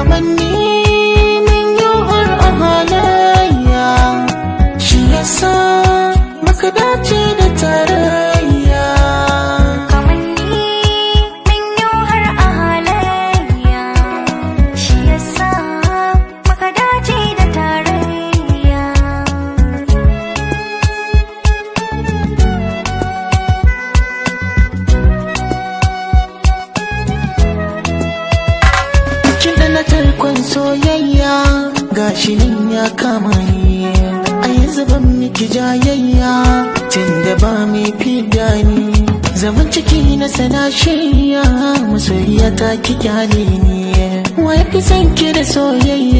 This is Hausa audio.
kamanni mun har a halayya shi yasa muka dace ban soyayya ga shi nan ya kama ni a yanzu ban miki jayayya tun da ba mai fi ni zaman ciki na sana shirya masoyiya ta ki kyale ni wai fi san ki da soyayya